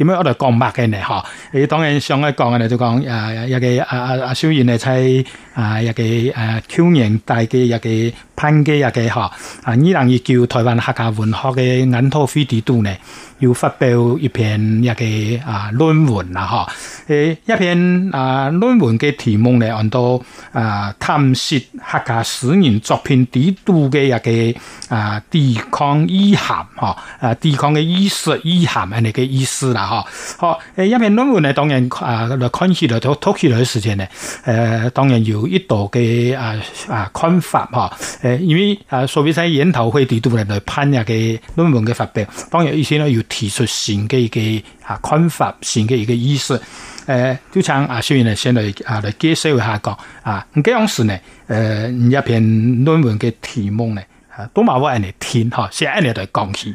點樣我哋講白嘅呢？嚇，你當然上一講我哋就講誒，一個阿阿阿小燕咧，喺誒一個誒 Q 年代嘅一個潘機，一個嗬啊，呢兩日叫台灣客家文學嘅銀托飛地度咧，要發表一篇一個啊論文啦，嗬、啊，誒一篇啊論文嘅題目咧，按、嗯、到啊探析客家詩人作品地度嘅一個啊抵抗意涵，嚇啊，抵抗嘅意術意涵嘅意思啦。好，一篇論文呢，當然啊，來看起嚟都拖起嚟時間呢，誒、呃，當然有一度嘅啊啊看法，哈，誒，因為啊，所謂的研討會度來判下論文發表，當然意思呢，提出新嘅啊看法，一個意思，誒、呃，就像阿雪呢，來啊介紹下講，啊，咁樣時呢，誒、呃，篇論文嘅題目呢，啊、都話我嚟聽，哈、啊，先講起。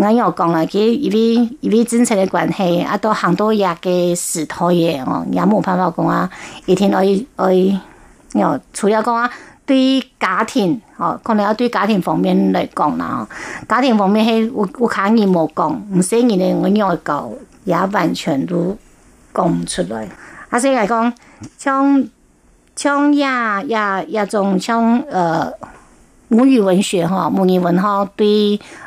我又講了，佮因為因為政策的關係，啊，都很多的也嘅死托嘢哦，也冇辦法講啊。一天，我我，又除了講啊，對家庭哦，可能啊，對家庭方面嚟講啦，家庭方面係我我肯定冇講，唔識嘢咧，我又要搞，也完全都講唔出來。啊，所以嚟講，像像也也也種像，像呃母語文學哈，母語文哈，對、啊。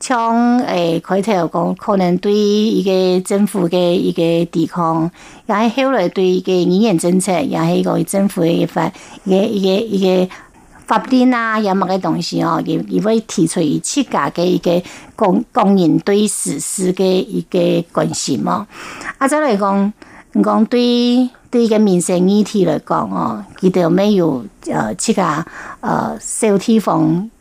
像誒、欸、開頭講，可能對一個政府的一個抵抗，然後後來對一個語言政策，然後一個政府嘅一個嘅一個一個法例啊，有乜嘅東西哦、啊，亦亦會提出一啲家嘅一個公公民對時事的一個關心咯、啊。啊再嚟講，講對對一個民生議題嚟講哦，佢哋沒有呃一啲呃受提防。